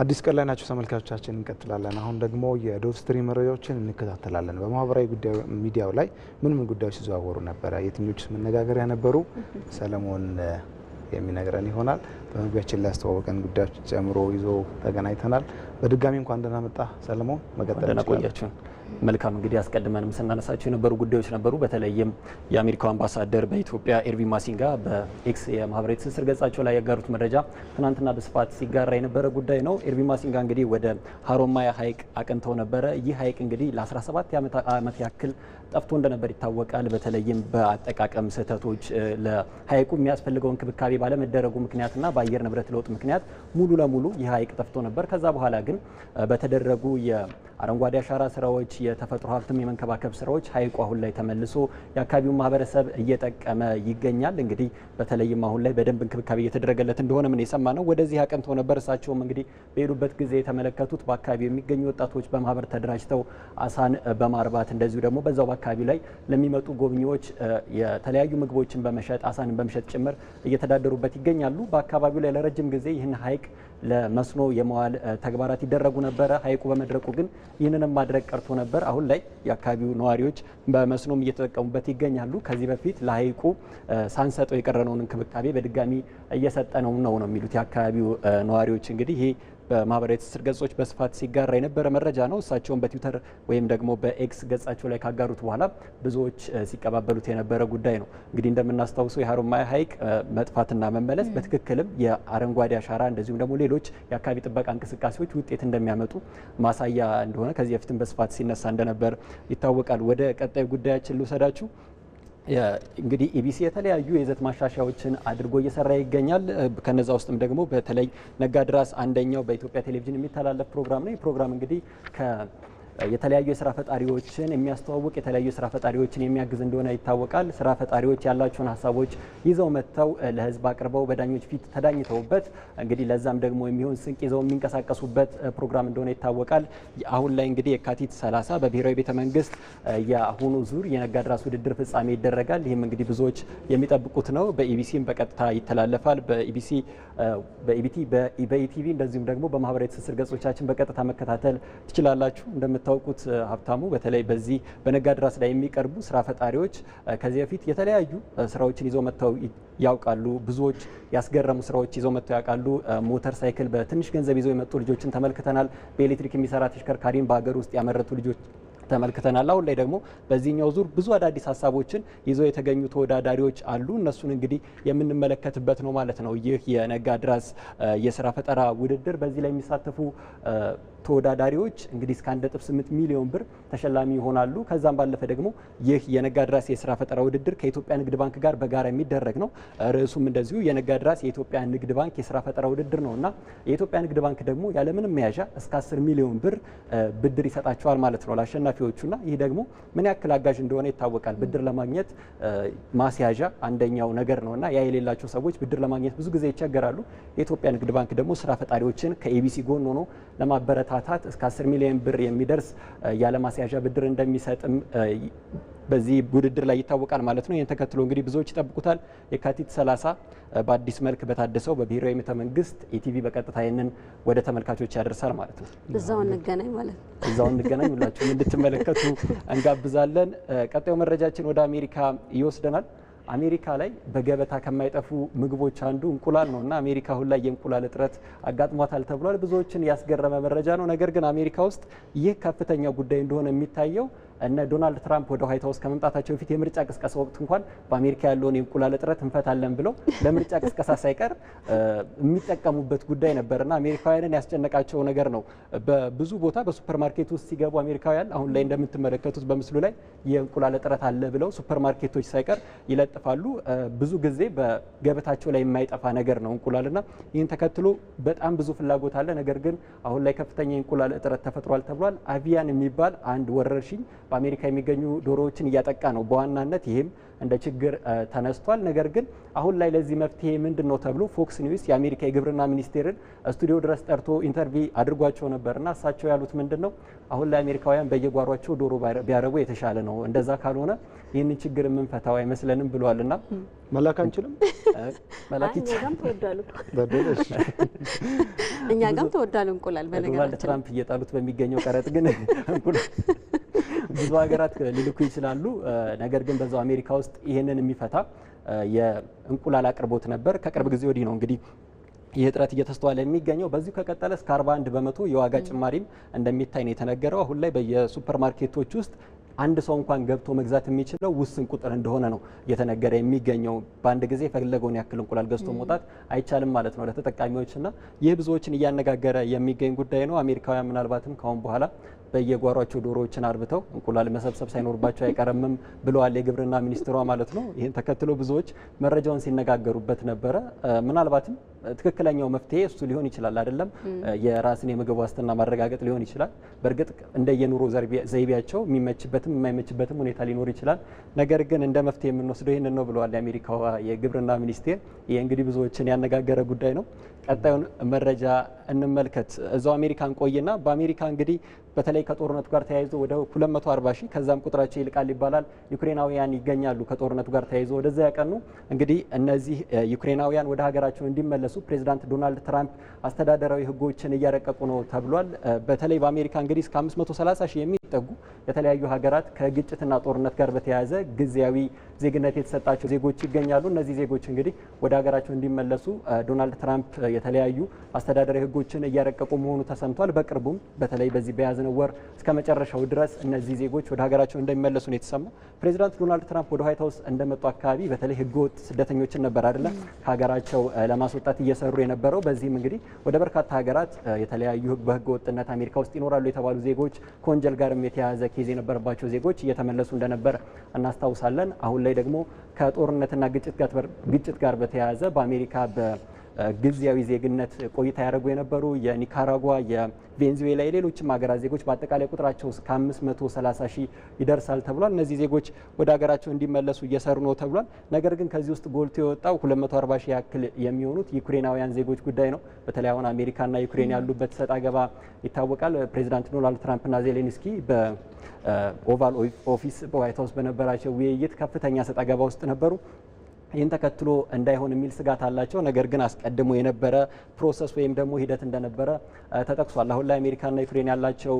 አዲስ ቀን ላይ ናቸው ተመልካቾቻችን፣ እንቀጥላለን። አሁን ደግሞ የዶቭ ስትሪም መረጃዎችን እንከታተላለን። በማህበራዊ ሚዲያው ላይ ምን ምን ጉዳዮች ሲዘዋወሩ ነበረ፣ የትኞቹ መነጋገሪያ ነበሩ? ሰለሞን የሚነግረን ይሆናል። በመግቢያችን ላይ አስተዋወቀን ጉዳዮች ጨምሮ ይዞ ተገናኝተናል። በድጋሚ እንኳን ደህና መጣ ሰለሞን። መቀጠል ቆያችሁ መልካም እንግዲህ አስቀድመንም ስናነሳቸው የነበሩ ጉዳዮች ነበሩ። በተለይም የአሜሪካው አምባሳደር በኢትዮጵያ ኤርቪን ማሲንጋ በኤክስ የማህበራዊ ትስስር ገጻቸው ላይ ያጋሩት መረጃ ትናንትና በስፋት ሲጋራ የነበረ ጉዳይ ነው። ኤርቪን ማሲንጋ እንግዲህ ወደ ሀሮማያ ሐይቅ አቅንተው ነበረ። ይህ ሐይቅ እንግዲህ ለ17 ዓመት ያክል ጠፍቶ እንደነበር ይታወቃል። በተለይም በአጠቃቀም ስህተቶች ለሐይቁ የሚያስፈልገው እንክብካቤ ባለመደረጉ ምክንያትና በአየር ንብረት ለውጥ ምክንያት ሙሉ ለሙሉ ይህ ሐይቅ ጠፍቶ ነበር። ከዛ በኋላ ግን በተደረጉ አረንጓዴ አሻራ ስራዎች፣ የተፈጥሮ ሀብትም የመንከባከብ ስራዎች ሀይቁ አሁን ላይ ተመልሶ የአካባቢውን ማህበረሰብ እየጠቀመ ይገኛል። እንግዲህ በተለይም አሁን ላይ በደንብ እንክብካቤ እየተደረገለት እንደሆነ ምን የሰማ ነው ወደዚህ አቅንተው ነበር። እሳቸውም እንግዲህ በሄዱበት ጊዜ የተመለከቱት በአካባቢው የሚገኙ ወጣቶች በማህበር ተደራጅተው አሳን በማርባት እንደዚሁ ደግሞ በዛው በአካባቢው ላይ ለሚመጡ ጎብኚዎች የተለያዩ ምግቦችን በመሸጥ አሳንን በመሸጥ ጭምር እየተዳደሩበት ይገኛሉ። በአካባቢው ላይ ለረጅም ጊዜ ይህን ሀይቅ ለመስኖ የመዋል ተግባራት ይደረጉ ነበረ። ሀይቁ በመድረቁ ግን ይህንንም ማድረግ ቀርቶ ነበር። አሁን ላይ የአካባቢው ነዋሪዎች በመስኖም እየተጠቀሙበት ይገኛሉ። ከዚህ በፊት ለሀይቁ ሳንሰጠው የቀረነውን እንክብካቤ በድጋሚ እየሰጠነው ነው ነው የሚሉት የአካባቢው ነዋሪዎች እንግዲህ ይሄ በማህበራዊ ትስስር ገጾች በስፋት ሲጋራ የነበረ መረጃ ነው። እሳቸውን በትዊተር ወይም ደግሞ በኤክስ ገጻቸው ላይ ካጋሩት በኋላ ብዙዎች ሲቀባበሉት የነበረ ጉዳይ ነው። እንግዲህ እንደምናስታውሰው የሀሮማያ ሐይቅ መጥፋትና መመለስ በትክክልም የአረንጓዴ አሻራ እንደዚሁም ደግሞ ሌሎች የአካባቢ ጥበቃ እንቅስቃሴዎች ውጤት እንደሚያመጡ ማሳያ እንደሆነ ከዚህ በፊትም በስፋት ሲነሳ እንደነበር ይታወቃል። ወደ ቀጣዩ ጉዳያችን ልውሰዳችሁ። እንግዲህ ኢቢሲ የተለያዩ የይዘት ማሻሻያዎችን አድርጎ እየሰራ ይገኛል። ከነዛ ውስጥም ደግሞ በተለይ ነጋድራስ አንደኛው በኢትዮጵያ ቴሌቪዥን የሚተላለፍ ፕሮግራም ነው። ይህ ፕሮግራም እንግዲህ የተለያዩ የስራ ፈጣሪዎችን የሚያስተዋውቅ የተለያዩ የስራ ፈጣሪዎችን የሚያግዝ እንደሆነ ይታወቃል። ስራ ፈጣሪዎች ያላቸውን ሀሳቦች ይዘው መጥተው ለህዝብ አቅርበው በዳኞች ፊት ተዳኝተውበት እንግዲህ ለዛም ደግሞ የሚሆን ስንቅ ይዘው የሚንቀሳቀሱበት ፕሮግራም እንደሆነ ይታወቃል። አሁን ላይ እንግዲህ የካቲት 30 በብሔራዊ ቤተ መንግስት የአሁኑ ዙር የነጋድራስ ውድድር ፍጻሜ ይደረጋል። ይህም እንግዲህ ብዙዎች የሚጠብቁት ነው። በኢቢሲም በቀጥታ ይተላለፋል። በኢቢሲ በኢቢቲ በኢቲቪ እንደዚሁም ደግሞ በማህበራዊ ትስስር ገጾቻችን በቀጥታ መከታተል ትችላላችሁ። እንደምታውቁት ሀብታሙ በተለይ በዚህ በነጋድራስ ላይ የሚቀርቡ ስራ ፈጣሪዎች ከዚህ በፊት የተለያዩ ስራዎችን ይዘው መጥተው ያውቃሉ። ብዙዎች ያስገረሙ ስራዎች ይዘው መጥተው ያውቃሉ። ሞተር ሳይክል በትንሽ ገንዘብ ይዘው የመጡ ልጆችን ተመልክተናል። በኤሌክትሪክ የሚሰራ ተሽከርካሪን በሀገር ውስጥ ያመረቱ ልጆች ተመልክተናል። አሁን ላይ ደግሞ በዚህኛው ዙር ብዙ አዳዲስ ሀሳቦችን ይዘው የተገኙ ተወዳዳሪዎች አሉ። እነሱን እንግዲህ የምንመለከትበት ነው ማለት ነው። ይህ የነጋድራስ የስራ ፈጠራ ውድድር በዚህ ላይ የሚሳተፉ ተወዳዳሪዎች እንግዲህ እስከ 1.8 ሚሊዮን ብር ተሸላሚ ይሆናሉ። ከዛም ባለፈ ደግሞ ይህ የነጋድራስ የስራ ፈጠራ ውድድር ከኢትዮጵያ ንግድ ባንክ ጋር በጋራ የሚደረግ ነው። ርዕሱም እንደዚሁ የነጋድራስ የኢትዮጵያ ንግድ ባንክ የስራ ፈጠራ ውድድር ነው እና የኢትዮጵያ ንግድ ባንክ ደግሞ ያለምንም መያዣ እስከ 10 ሚሊዮን ብር ብድር ይሰጣቸዋል ማለት ነው ለአሸናፊዎቹ እና ይህ ደግሞ ምን ያክል አጋዥ እንደሆነ ይታወቃል። ብድር ለማግኘት ማስያዣ አንደኛው ነገር ነው እና ያ የሌላቸው ሰዎች ብድር ለማግኘት ብዙ ጊዜ ይቸገራሉ። የኢትዮጵያ ንግድ ባንክ ደግሞ ስራ ፈጣሪዎችን ከኤቢሲ ጎን ሆኖ ለማበረታ ለማበረታታት እስከ 10 ሚሊዮን ብር የሚደርስ ያለማስያዣ ብድር እንደሚሰጥም በዚህ ውድድር ላይ ይታወቃል ማለት ነው። ይህን ተከትሎ እንግዲህ ብዙዎች ይጠብቁታል። የካቲት 30 በአዲስ መልክ በታደሰው በብሔራዊ ቤተ መንግስት ኢቲቪ በቀጥታ ይህንን ወደ ተመልካቾች ያደርሳል ማለት ነው። እዛው እንገናኝ ማለት ነው። እዛው እንገናኝ፣ ሁላችሁም እንድትመለከቱ እንጋብዛለን። ቀጣዩ መረጃችን ወደ አሜሪካ ይወስደናል። አሜሪካ ላይ በገበታ ከማይጠፉ ምግቦች አንዱ እንቁላል ነው እና አሜሪካ አሁን ላይ የእንቁላል እጥረት አጋጥሟታል ተብሏል። ብዙዎችን ያስገረመ መረጃ ነው። ነገር ግን አሜሪካ ውስጥ ይህ ከፍተኛ ጉዳይ እንደሆነ የሚታየው እነ ዶናልድ ትራምፕ ወደ ዋይት ሀውስ ከመምጣታቸው በፊት የምርጫ ቅስቀሳ ወቅት እንኳን በአሜሪካ ያለውን የእንቁላል እጥረት እንፈታለን ብለው ለምርጫ ቅስቀሳ ሳይቀር የሚጠቀሙበት ጉዳይ ነበርና አሜሪካውያንን ያስጨነቃቸው ነገር ነው። በብዙ ቦታ በሱፐርማርኬት ውስጥ ሲገቡ አሜሪካውያን አሁን ላይ እንደምትመለከቱት በምስሉ ላይ የእንቁላል እጥረት አለ ብለው ሱፐርማርኬቶች ሳይቀር ይለጥፋሉ። ብዙ ጊዜ በገበታቸው ላይ የማይጠፋ ነገር ነው እንቁላልና ይህን ተከትሎ በጣም ብዙ ፍላጎት አለ። ነገር ግን አሁን ላይ ከፍተኛ የእንቁላል እጥረት ተፈጥሯል ተብሏል። አቪያን የሚባል አንድ ወረርሽኝ በአሜሪካ የሚገኙ ዶሮዎችን እያጠቃ ነው በዋናነት ይህም እንደ ችግር ተነስቷል። ነገር ግን አሁን ላይ ለዚህ መፍትሄ ምንድን ነው ተብሎ ፎክስ ኒውስ የአሜሪካ የግብርና ሚኒስቴርን ስቱዲዮ ድረስ ጠርቶ ኢንተርቪ አድርጓቸው ነበርና እሳቸው ያሉት ምንድን ነው አሁን ላይ አሜሪካውያን በየጓሯቸው ዶሮ ቢያረቡ የተሻለ ነው፣ እንደዛ ካልሆነ ይህንን ችግር የምንፈታው አይመስለንም ና መላክ አንችልም። መላክ ይቻላል። እኛ ጋም ተወዳሉ እንቁላል በነገራችን ትራምፕ እየጣሉት በሚገኘው ቀረጥ ግን ብዙ ሀገራት ሊልኩ ይችላሉ። ነገር ግን በዛው አሜሪካ ውስጥ ይሄንን የሚፈታ የእንቁላል አቅርቦት ነበር። ከቅርብ ጊዜ ወዲህ ነው እንግዲህ ይህ እጥረት እየተስተዋለ የሚገኘው በዚሁ ከቀጠለ እስከ 41 በመቶ የዋጋ ጭማሪም እንደሚታይ ነው የተነገረው። አሁን ላይ በየሱፐር ማርኬቶች ውስጥ አንድ ሰው እንኳን ገብቶ መግዛት የሚችለው ውስን ቁጥር እንደሆነ ነው እየተነገረ የሚገኘው። በአንድ ጊዜ የፈለገውን ያክል እንቁላል ገዝቶ መውጣት አይቻልም ማለት ነው ለተጠቃሚዎችና ይህ ብዙዎችን እያነጋገረ የሚገኝ ጉዳይ ነው። አሜሪካውያን ምናልባትም ከአሁን በኋላ በየጓሯቸው ዶሮዎችን አርብተው እንቁላል መሰብሰብ ሳይኖርባቸው አይቀርምም ብለዋል የግብርና ሚኒስትሯ ማለት ነው። ይህን ተከትሎ ብዙዎች መረጃውን ሲነጋገሩበት ነበረ። ምናልባትም ትክክለኛው መፍትሄ እሱ ሊሆን ይችላል አይደለም፣ የራስን የምግብ ዋስትና ማረጋገጥ ሊሆን ይችላል። በእርግጥ እንደ የኑሮ ዘይቤያቸው የሚመችበትም የማይመችበትም ሁኔታ ሊኖር ይችላል። ነገር ግን እንደ መፍትሄ የምንወስደው ይህንን ነው ብለዋል የአሜሪካዋ የግብርና ሚኒስቴር። ይህ እንግዲህ ብዙዎችን ያነጋገረ ጉዳይ ነው። ቀጣዩን መረጃ እንመልከት። እዛው አሜሪካን ቆይና በአሜሪካ እንግዲህ በተለይ ከጦርነቱ ጋር ተያይዞ ወደ 240 ሺህ ከዛም ቁጥራቸው ይልቃል ይባላል ዩክሬናውያን ይገኛሉ። ከጦርነቱ ጋር ተያይዞ ወደዛ ያቀኑ እንግዲህ እነዚህ ዩክሬናውያን ወደ ሀገራቸው እንዲመለሱ ፕሬዚዳንት ዶናልድ ትራምፕ አስተዳደራዊ ህጎችን እያረቀቁ ነው ተብሏል። በተለይ በአሜሪካ እንግዲህ እስከ 530 ሺህ የሚጠጉ የተለያዩ ሀገራት ከግጭትና ጦርነት ጋር በተያያዘ ጊዜያዊ ዜግነት የተሰጣቸው ዜጎች ይገኛሉ። እነዚህ ዜጎች እንግዲህ ወደ ሀገራቸው እንዲመለሱ ዶናልድ ትራምፕ የተለያዩ አስተዳደራዊ ህጎችን እያረቀቁ መሆኑ ተሰምቷል። በቅርቡም በተለይ በዚህ በያዝነው ወር እስከ መጨረሻው ድረስ እነዚህ ዜጎች ወደ ሀገራቸው እንደሚመለሱ ነው የተሰማው። ፕሬዚዳንት ዶናልድ ትራምፕ ወደ ዋይት ሀውስ እንደመጡ አካባቢ በተለይ ህገወጥ ስደተኞችን ነበር አይደለም ከሀገራቸው ለማስወጣት እየሰሩ የነበረው። በዚህም እንግዲህ ወደ በርካታ ሀገራት የተለያዩ በህገወጥነት አሜሪካ ውስጥ ይኖራሉ የተባሉ ዜጎች ከወንጀል ጋርም የተያያዘ ኬዝ የነበረባቸው ዜጎች እየተመለሱ እንደነበር እናስታውሳለን። አሁን ላይ በተለይ ደግሞ ከጦርነትና ግጭት ጋር በተያያዘ በአሜሪካ ግዚያዊ ዜግነት ቆይታ ያደረጉ የነበሩ የኒካራጓ፣ የቬንዙዌላ፣ የሌሎችም ሀገራት ዜጎች በአጠቃላይ ቁጥራቸው እስከ 530 ሺህ ይደርሳል ተብሏል። እነዚህ ዜጎች ወደ ሀገራቸው እንዲመለሱ እየሰሩ ነው ተብሏል። ነገር ግን ከዚህ ውስጥ ጎልቶ የወጣው 240 ሺህ ያክል የሚሆኑት ዩክሬናውያን ዜጎች ጉዳይ ነው። በተለይ አሁን አሜሪካና ዩክሬን ያሉበት ሰጥ አገባ ይታወቃል። ፕሬዚዳንት ዶናልድ ትራምፕና ዜሌንስኪ በኦቫል ኦፊስ በዋይት ሀውስ በነበራቸው ውይይት ከፍተኛ ሰጥ አገባ ውስጥ ነበሩ። ይህን ተከትሎ እንዳይሆን የሚል ስጋት አላቸው። ነገር ግን አስቀድሞ የነበረ ፕሮሰስ ወይም ደግሞ ሂደት እንደነበረ ተጠቅሷል። አሁን ላይ አሜሪካና ዩክሬን ያላቸው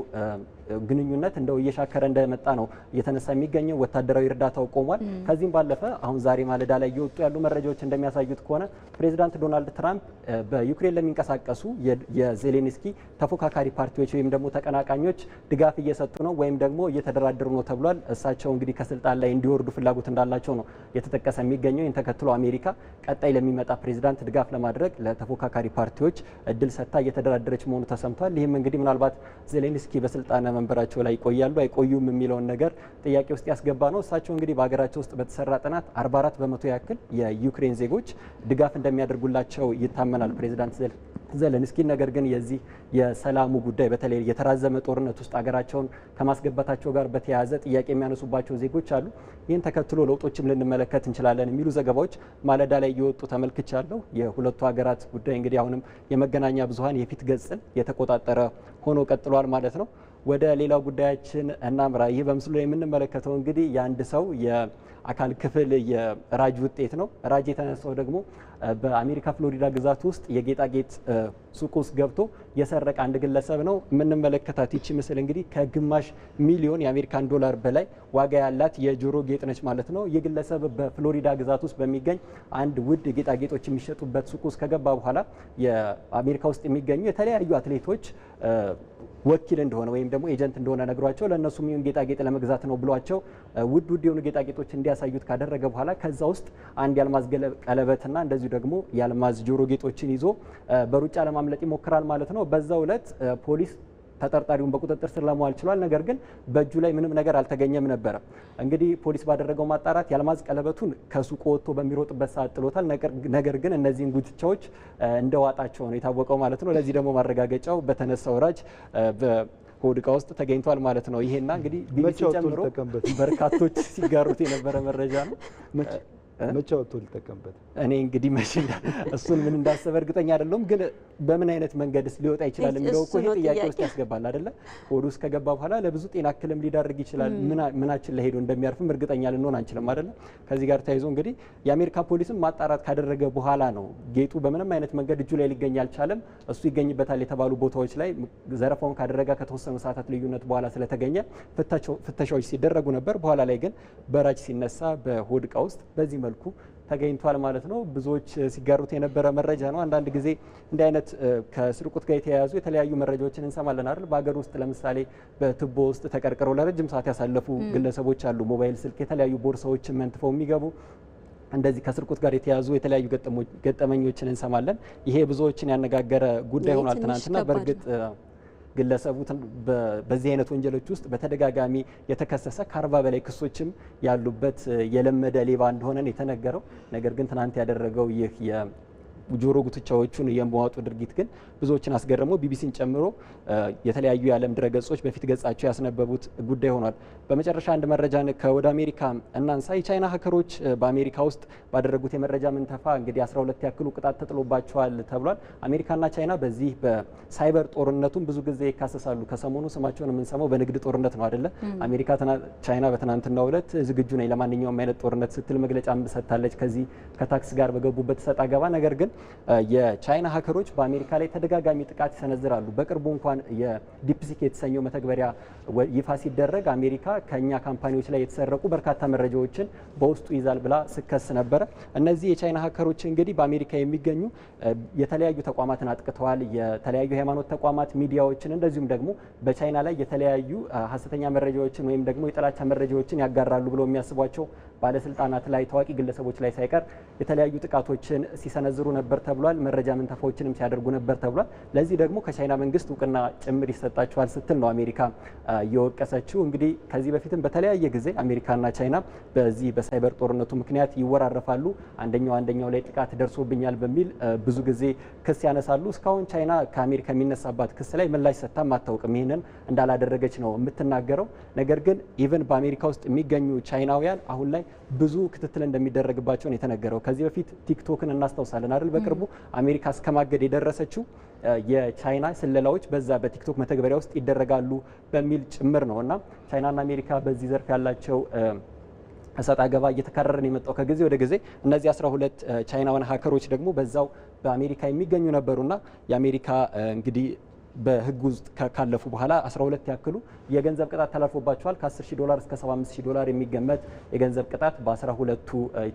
ግንኙነት እንደው እየሻከረ እንደመጣ ነው እየተነሳ የሚገኘው። ወታደራዊ እርዳታው ቆሟል። ከዚህም ባለፈ አሁን ዛሬ ማለዳ ላይ እየወጡ ያሉ መረጃዎች እንደሚያሳዩት ከሆነ ፕሬዚዳንት ዶናልድ ትራምፕ በዩክሬን ለሚንቀሳቀሱ የዜሌንስኪ ተፎካካሪ ፓርቲዎች ወይም ደግሞ ተቀናቃኞች ድጋፍ እየሰጡ ነው ወይም ደግሞ እየተደራደሩ ነው ተብሏል። እሳቸው እንግዲህ ከስልጣን ላይ እንዲወርዱ ፍላጎት እንዳላቸው ነው የተጠቀሰ የሚገኘው። ተከትሎ አሜሪካ ቀጣይ ለሚመጣ ፕሬዚዳንት ድጋፍ ለማድረግ ለተፎካካሪ ፓርቲዎች እድል ሰጥታ እየተደራደረች መሆኑ ተሰምቷል። ይህም እንግዲህ ምናልባት ዜሌንስኪ በስልጣነ መንበራቸው ላይ ይቆያሉ አይቆዩም የሚለውን ነገር ጥያቄ ውስጥ ያስገባ ነው። እሳቸው እንግዲህ በሀገራቸው ውስጥ በተሰራ ጥናት 44 በመቶ ያክል የዩክሬን ዜጎች ድጋፍ እንደሚያደርጉላቸው ይታመናል ፕሬዚዳንት ዘለንስኪ ነገር ግን የዚህ የሰላሙ ጉዳይ በተለይ የተራዘመ ጦርነት ውስጥ ሀገራቸውን ከማስገባታቸው ጋር በተያያዘ ጥያቄ የሚያነሱባቸው ዜጎች አሉ። ይህን ተከትሎ ለውጦችም ልንመለከት እንችላለን የሚሉ ዘገባ ዘገባዎች ማለዳ ላይ እየወጡ ተመልክቻለሁ። የሁለቱ ሀገራት ጉዳይ እንግዲህ አሁንም የመገናኛ ብዙኃን የፊት ገጽን የተቆጣጠረ ሆኖ ቀጥሏል ማለት ነው። ወደ ሌላው ጉዳያችን እናምራ። ይህ በምስሉ ላይ የምንመለከተው እንግዲህ የአንድ ሰው የአካል ክፍል የራጅ ውጤት ነው። ራጅ የተነሳው ደግሞ በአሜሪካ ፍሎሪዳ ግዛት ውስጥ የጌጣጌጥ ሱቅ ውስጥ ገብቶ የሰረቀ አንድ ግለሰብ ነው የምንመለከታት። ይቺ ምስል እንግዲህ ከግማሽ ሚሊዮን የአሜሪካን ዶላር በላይ ዋጋ ያላት የጆሮ ጌጥ ነች ማለት ነው። ይህ ግለሰብ በፍሎሪዳ ግዛት ውስጥ በሚገኝ አንድ ውድ ጌጣጌጦች የሚሸጡበት ሱቅ ውስጥ ከገባ በኋላ የአሜሪካ ውስጥ የሚገኙ የተለያዩ አትሌቶች ወኪል እንደሆነ ወይም ደግሞ ኤጀንት እንደሆነ ነግሯቸው ለእነሱ የሚሆን ጌጣጌጥ ለመግዛት ነው ብሏቸው ውድ ውድ የሆኑ ጌጣጌጦች እንዲያሳዩት ካደረገ በኋላ ከዛ ውስጥ አንድ የአልማዝ ቀለበትና እንደዚሁ ደግሞ የአልማዝ ጆሮ ጌጦችን ይዞ በሩጫ ለማምለጥ ይሞክራል ማለት ነው። በዛው ዕለት ፖሊስ ተጠርጣሪውን በቁጥጥር ስር ለመዋል ችሏል። ነገር ግን በእጁ ላይ ምንም ነገር አልተገኘም ነበረ። እንግዲህ ፖሊስ ባደረገው ማጣራት የአልማዝ ቀለበቱን ከሱቁ ወጥቶ በሚሮጥበት ሰዓት ጥሎታል። ነገር ግን እነዚህን ጉትቻዎች እንደዋጣቸው ነው የታወቀው ማለት ነው። ለዚህ ደግሞ ማረጋገጫው በተነሳው ራጅ ሆድ ዕቃ ውስጥ ተገኝቷል ማለት ነው። ይሄና እንግዲህ ቢቢሲ ጨምሮ በርካቶች ሲጋሩት የነበረ መረጃ ነው። መቼ ወጥቶ ሊጠቀምበት? እኔ እንግዲህ መቼ እሱን ምን እንዳሰበ እርግጠኛ አይደለሁም፣ ግን በምን አይነት መንገድስ ሊወጣ ይችላል የሚለው እኮ ይሄ ጥያቄ ውስጥ ያስገባል አይደለ? ሆድ ውስጥ ከገባ በኋላ ለብዙ ጤና እክልም ሊዳርግ ይችላል። ምናችን ለሄዶ ሄዶ እንደሚያርፍም እርግጠኛ ልንሆን አንችልም አይደለ? ከዚህ ጋር ተያይዞ እንግዲህ የአሜሪካ ፖሊስም ማጣራት ካደረገ በኋላ ነው ጌጡ በምንም አይነት መንገድ እጁ ላይ ሊገኝ አልቻለም። እሱ ይገኝበታል የተባሉ ቦታዎች ላይ ዘረፋውን ካደረገ ከተወሰኑ ሰዓታት ልዩነት በኋላ ስለተገኘ ፍተሻዎች ሲደረጉ ነበር። በኋላ ላይ ግን በራጅ ሲነሳ በሆድ እቃ ውስጥ በዚህ መልኩ ተገኝቷል ማለት ነው። ብዙዎች ሲጋሩት የነበረ መረጃ ነው። አንዳንድ ጊዜ እንዲህ አይነት ከስርቁት ጋር የተያያዙ የተለያዩ መረጃዎችን እንሰማለን አይደል? በሀገር ውስጥ ለምሳሌ በቱቦ ውስጥ ተቀርቅረው ለረጅም ሰዓት ያሳለፉ ግለሰቦች አሉ። ሞባይል ስልክ፣ የተለያዩ ቦርሳዎችን መንትፈው የሚገቡ እንደዚህ ከስርቁት ጋር የተያዙ የተለያዩ ገጠመኞችን እንሰማለን። ይሄ ብዙዎችን ያነጋገረ ጉዳይ ሆኗል ትናንትና በእርግጥ ግለሰቡ በዚህ አይነት ወንጀሎች ውስጥ በተደጋጋሚ የተከሰሰ ከአርባ በላይ ክሶችም ያሉበት የለመደ ሌባ እንደሆነ ነው የተነገረው። ነገር ግን ትናንት ያደረገው ይህ ጆሮ ጉትቻዎቹን የመዋጡ ድርጊት ግን ብዙዎችን አስገርሞ ቢቢሲን ጨምሮ የተለያዩ የዓለም ድረገጾች በፊት ገጻቸው ያስነበቡት ጉዳይ ሆኗል። በመጨረሻ አንድ መረጃን ከወደ አሜሪካ እናንሳ። የቻይና ሀከሮች በአሜሪካ ውስጥ ባደረጉት የመረጃ ምንተፋ እንግዲህ 12 ያክሉ ቅጣት ተጥሎባቸዋል ተብሏል። አሜሪካና ቻይና በዚህ በሳይበር ጦርነቱም ብዙ ጊዜ ይካሰሳሉ። ከሰሞኑ ስማቸውን የምንሰማው በንግድ ጦርነት ነው አይደለ? አሜሪካ ቻይና በትናንትናው ዕለት ዝግጁ ነኝ ለማንኛውም አይነት ጦርነት ስትል መግለጫ ሰጥታለች። ከዚህ ከታክስ ጋር በገቡበት ሰጥ አገባ ነገር ግን የቻይና ሀከሮች በአሜሪካ ላይ ተደጋጋሚ ጥቃት ይሰነዝራሉ። በቅርቡ እንኳን የዲፕሲክ የተሰኘው መተግበሪያ ይፋ ሲደረግ አሜሪካ ከእኛ ካምፓኒዎች ላይ የተሰረቁ በርካታ መረጃዎችን በውስጡ ይዛል ብላ ስከስ ነበረ። እነዚህ የቻይና ሀከሮች እንግዲህ በአሜሪካ የሚገኙ የተለያዩ ተቋማትን አጥቅተዋል። የተለያዩ ሃይማኖት ተቋማት፣ ሚዲያዎችን እንደዚሁም ደግሞ በቻይና ላይ የተለያዩ ሀሰተኛ መረጃዎችን ወይም ደግሞ የጥላቻ መረጃዎችን ያጋራሉ ብለው የሚያስቧቸው ባለስልጣናት ላይ፣ ታዋቂ ግለሰቦች ላይ ሳይቀር የተለያዩ ጥቃቶችን ሲሰነዝሩ ነበር። ነበር ተብሏል። መረጃ ምንተፋዎችንም ሲያደርጉ ነበር ተብሏል። ለዚህ ደግሞ ከቻይና መንግስት እውቅና ጭምር ይሰጣቸዋል ስትል ነው አሜሪካ እየወቀሰችው። እንግዲህ ከዚህ በፊትም በተለያየ ጊዜ አሜሪካና ቻይና በዚህ በሳይበር ጦርነቱ ምክንያት ይወራረፋሉ። አንደኛው አንደኛው ላይ ጥቃት ደርሶብኛል በሚል ብዙ ጊዜ ክስ ያነሳሉ። እስካሁን ቻይና ከአሜሪካ የሚነሳባት ክስ ላይ ምላሽ ሰጥታም አታውቅም። ይህንን እንዳላደረገች ነው የምትናገረው። ነገር ግን ኢቨን በአሜሪካ ውስጥ የሚገኙ ቻይናውያን አሁን ላይ ብዙ ክትትል እንደሚደረግባቸው ነው የተነገረው። ከዚህ በፊት ቲክቶክን እናስታውሳለን አይደል? በቅርቡ አሜሪካ እስከማገድ የደረሰችው የቻይና ስለላዎች በዛ በቲክቶክ መተግበሪያ ውስጥ ይደረጋሉ በሚል ጭምር ነው እና ቻይናና አሜሪካ በዚህ ዘርፍ ያላቸው እሰጥ አገባ እየተካረረን የመጣው ከጊዜ ወደ ጊዜ። እነዚህ 12 ቻይናውያን ሀከሮች ደግሞ በዛው በአሜሪካ የሚገኙ ነበሩና የአሜሪካ እንግዲህ በህግ ውስጥ ካለፉ በኋላ 12 ያክሉ የገንዘብ ቅጣት ተላልፎባቸዋል። ከ10 ሺህ ዶላር እስከ 75 ሺህ ዶላር የሚገመት የገንዘብ ቅጣት በ12ቱ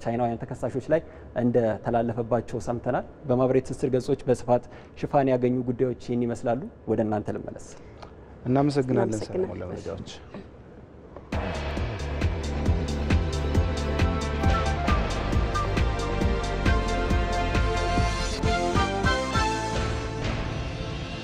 ቻይናውያን ተከሳሾች ላይ እንደተላለፈባቸው ሰምተናል። በማህበራዊ ትስስር ገጾች በስፋት ሽፋን ያገኙ ጉዳዮች ይህን ይመስላሉ። ወደ እናንተ ልመለስ። እናመሰግናለን ሰለሞን ለመረጃዎች።